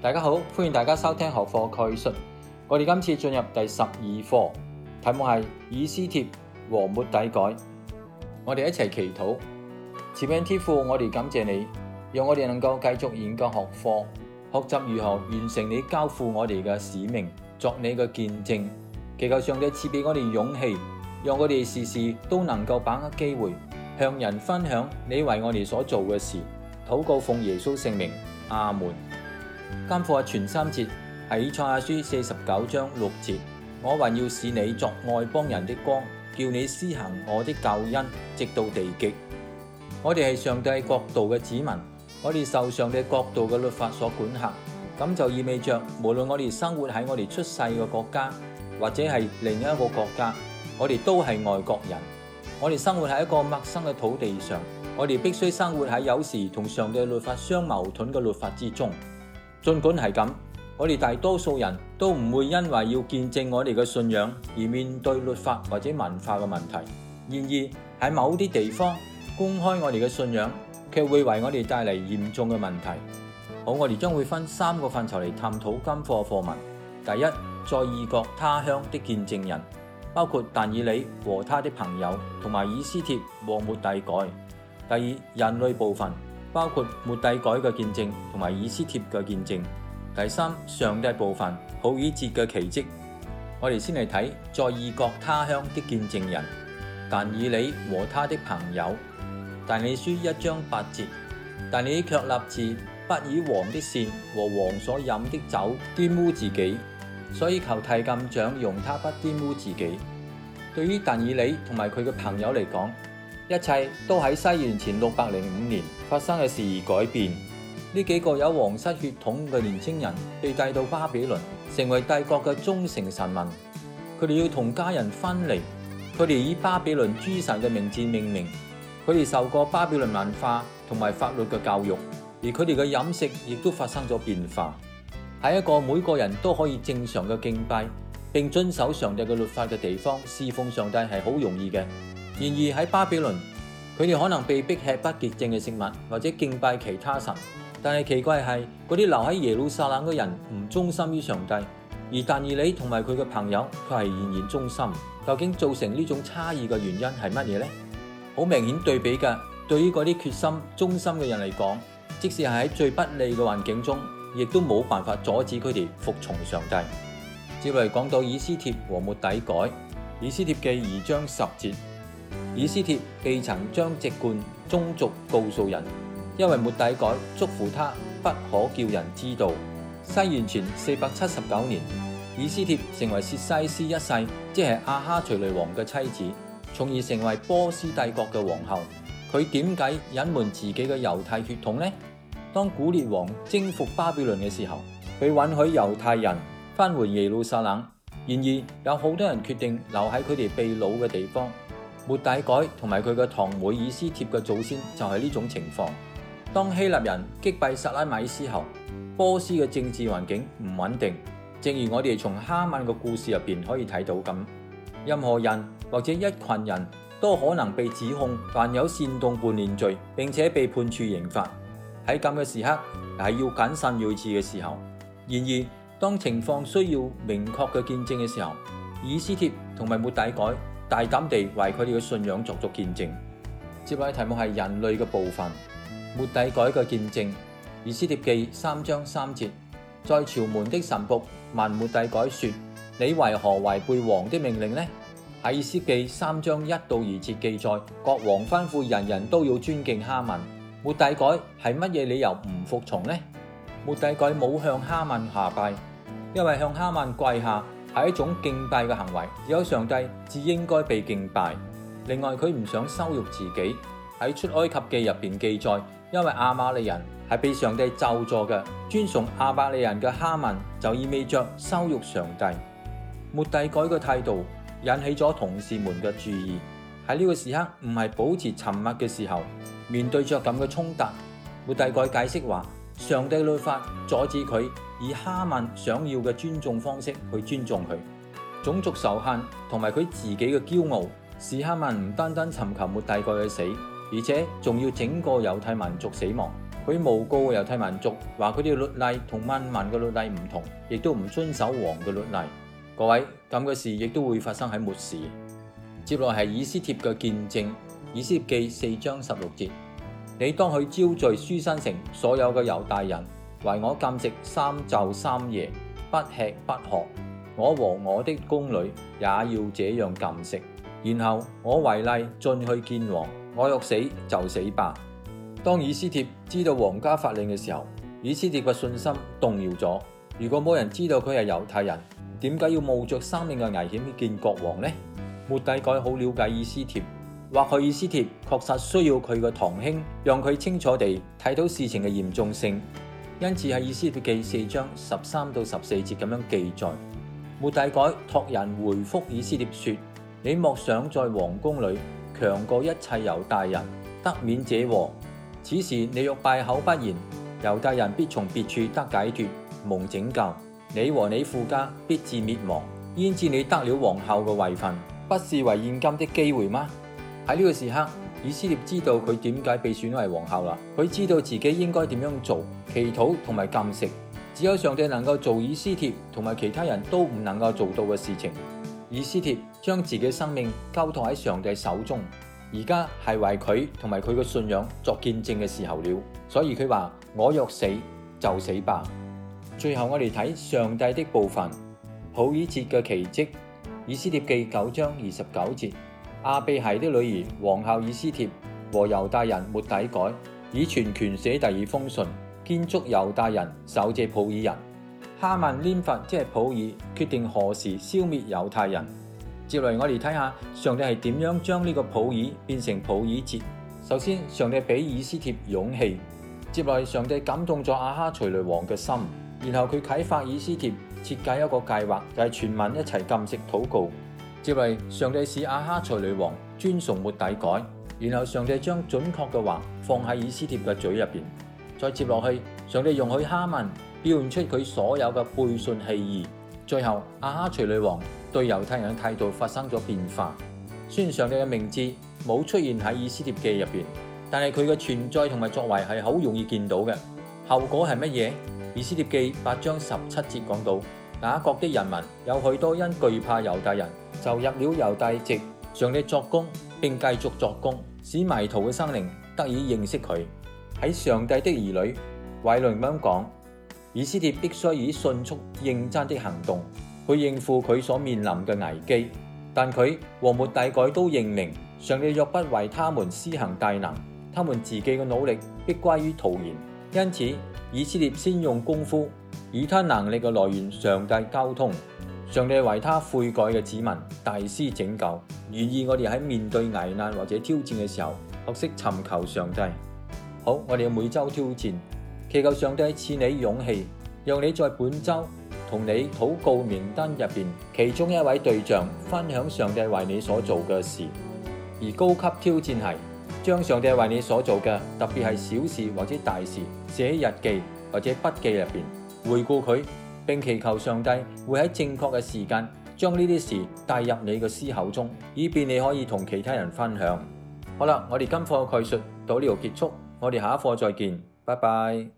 大家好，歡迎大家收聽學課概述。我哋今次進入第十二課，題目係以斯帖和末底改。我哋一齊祈禱，賜命天父，我哋感謝你，讓我哋能夠繼續研究學課，學習如何完成你交付我哋嘅使命，作你嘅見證。祈求上帝賜俾我哋勇氣，讓我哋事事都能夠把握機會，向人分享你為我哋所做嘅事。禱告，奉耶穌聖名，阿門。肩負啊，全三節喺以賽亞書四十九章六節，我還要使你作外邦人的光，叫你施行我的救恩，直到地極。我哋係上帝國度嘅子民，我哋受上帝國度嘅律法所管轄，咁就意味著，無論我哋生活喺我哋出世嘅國家，或者係另一個國家，我哋都係外國人。我哋生活喺一個陌生嘅土地上，我哋必須生活喺有時同上帝律法相矛盾嘅律法之中。儘管係咁，我哋大多數人都唔會因為要見證我哋嘅信仰而面對律法或者文化嘅問題。然而喺某啲地方公開我哋嘅信仰，卻會為我哋帶嚟嚴重嘅問題。好，我哋將會分三個範疇嚟探討今課課文。第一，在異國他鄉的見證人，包括但以理和他的朋友同埋以斯帖和末底改。第二，人類部分。包括末底改嘅見證同埋以斯帖嘅見證。第三，上帝部分，普珥節嘅奇迹，我哋先嚟睇在異國他鄉的見證人。但以理和他的朋友，但你書一章八節，但你卻立志不以王的膳和王所飲的酒玷污自己，所以求太監長容他不玷污自己。對於但以理同埋佢嘅朋友嚟講。一切都喺西元前六百零五年發生嘅事而改變。呢幾個有皇室血統嘅年青人被帶到巴比倫，成為帝國嘅忠誠臣民。佢哋要同家人分離，佢哋以巴比倫諸神嘅名字命名。佢哋受過巴比倫文化同埋法律嘅教育，而佢哋嘅飲食亦都發生咗變化。喺一個每個人都可以正常嘅敬拜，並遵守上帝嘅律法嘅地方，侍奉上帝係好容易嘅。然而喺巴比倫，佢哋可能被迫吃不潔淨嘅食物，或者敬拜其他神。但係奇怪係，嗰啲留喺耶路撒冷嘅人唔忠心於上帝，而但以理同埋佢嘅朋友卻係仍然忠心。究竟造成呢種差異嘅原因係乜嘢呢？好明顯對比嘅，對於嗰啲決心忠心嘅人嚟講，即使係喺最不利嘅環境中，亦都冇辦法阻止佢哋服從上帝。接落嚟講到以斯帖和末底改，以斯帖記二章十節。以斯帖未曾將籍貫、宗族，告訴人，因為末底改囑咐，他不可叫人知道。西元前四百七十九年，以斯帖成為薛西斯一世，即係阿哈隨雷王嘅妻子，從而成為波斯帝國嘅皇后。佢點解隱瞞自己嘅猶太血統呢？當古列王征服巴比倫嘅時候，佢允許猶太人返回耶路撒冷，然而有好多人決定留喺佢哋秘魯嘅地方。末底改同埋佢嘅堂妹以斯帖嘅祖先就係呢種情況。當希臘人擊敗薩拉米斯後，波斯嘅政治環境唔穩定，正如我哋從哈曼嘅故事入邊可以睇到咁。任何人或者一群人都可能被指控犯有煽動叛亂罪，並且被判處刑罰。喺咁嘅時刻係要謹慎睿智嘅時候。然而，當情況需要明確嘅見證嘅時候，以斯帖同埋末底改。大膽地為佢哋嘅信仰作作見證。接下啲題目係人類嘅部分，末底改嘅見證。以斯帖記三章三節，在朝門的神僕問末底改說：你為何違背王的命令呢？喺以斯帖記三章一到二節記載，國王吩咐人人都要尊敬哈曼。」末底改係乜嘢理由唔服從呢？末底改冇向哈曼下跪，因為向哈曼跪下，係一種敬拜嘅行為，只有上帝至應該被敬拜。另外，佢唔想羞辱自己。喺出埃及記入邊記載，因為阿瑪利人係被上帝咒詛嘅，尊崇阿瑪利人嘅哈曼就意味着羞辱上帝。末底改嘅態度引起咗同事們嘅注意。喺呢個時刻唔係保持沉默嘅時候，面對着咁嘅衝突，末底改解釋話。上帝律法阻止佢以哈曼想要嘅尊重方式去尊重佢。種族仇恨同埋佢自己嘅驕傲，使哈曼唔單單尋求末底改嘅死，而且仲要整個猶太民族死亡。佢誣告猶太民族話佢哋嘅律例同萬民嘅律例唔同，亦都唔遵守王嘅律例。各位，咁嘅事亦都會發生喺末時。接落嚟係以斯帖嘅見證，以斯帖記四章十六節。你當去招聚書珊城所有嘅猶大人，為我禁食三晝三夜，不吃不喝。我和我的宮女也要這樣禁食。然後我違例進去見王，我若死就死吧。當以斯帖知道皇家法令嘅時候，以斯帖嘅信心動搖咗。如果冇人知道佢係猶太人，點解要冒着生命嘅危險見國王呢？末底改好了解以斯帖。或許以斯帖確實需要佢個堂兄，讓佢清楚地睇到事情嘅嚴重性。因此喺以斯帖記四章十三到十四節咁樣記載，末底改託人回覆以斯帖說：你莫想在王宮裏強過一切猶大人，得免這禍。此時你若閉口不言，猶大人必從別處得解脱，蒙拯救。你和你父家必至滅亡。焉知你得了皇后嘅位分，不是為現今的機會嗎？喺呢個時刻，以斯帖知道佢點解被選為皇后啦。佢知道自己應該點樣做，祈禱同埋禁食。只有上帝能夠做以斯帖同埋其他人都唔能夠做到嘅事情。以斯帖將自己生命交託喺上帝手中。而家係為佢同埋佢嘅信仰作見證嘅時候了。所以佢話：我若死就死吧。最後我哋睇上帝的部分，普珥節嘅奇跡，以斯帖記九章二十九節。阿庇孩的女兒皇后以斯帖和猶大人末底改以全權寫第二封信，建捉猶大人，守借普爾人哈曼拈發，即係普爾，決定何時消滅猶太人。接來我哋睇下上帝係點樣將呢個普爾變成普爾節。首先，上帝俾以斯帖勇氣，接來上帝感動咗阿哈隨雷王嘅心，然後佢啟發以斯帖設計一個計劃，就係、是、全民一齊禁食禱告。因為，上帝使阿哈隨女王尊崇末底改，然後上帝將準確嘅話放喺以斯帖嘅嘴入邊，再接落去，上帝容許哈文表現出佢所有嘅背信棄義。最後，阿哈隨女王對猶太人嘅態度發生咗變化。雖然上帝嘅名字冇出現喺以斯帖記入邊，但係佢嘅存在同埋作為係好容易見到嘅。後果係乜嘢？以斯帖記八章十七節講到。那國的人民有許多因懼怕猶大人，就入了猶大籍。上帝作工，並繼續作工，使迷途嘅生靈得以認識佢喺上帝的兒女。懷倫咁講，以斯帖必須以迅速認真的行動去應付佢所面臨嘅危機。但佢和末大改都認明，上帝若不為他們施行大能，他們自己嘅努力必歸於徒然。因此，以色列先用功夫與他能力嘅來源上帝溝通，上帝為他悔改嘅子民大施拯救，願意我哋喺面對危難或者挑戰嘅時候，學識尋求上帝。好，我哋嘅每周挑戰，祈求上帝賜你勇氣，讓你在本周同你禱告名單入邊其中一位對象分享上帝為你所做嘅事。而高級挑戰係。將上帝為你所做嘅，特別係小事或者大事，寫喺日記或者筆記入邊，回顧佢，並祈求上帝會喺正確嘅時間將呢啲事帶入你嘅思考中，以便你可以同其他人分享。好啦，我哋今課嘅概述到呢度結束，我哋下一課再見，拜拜。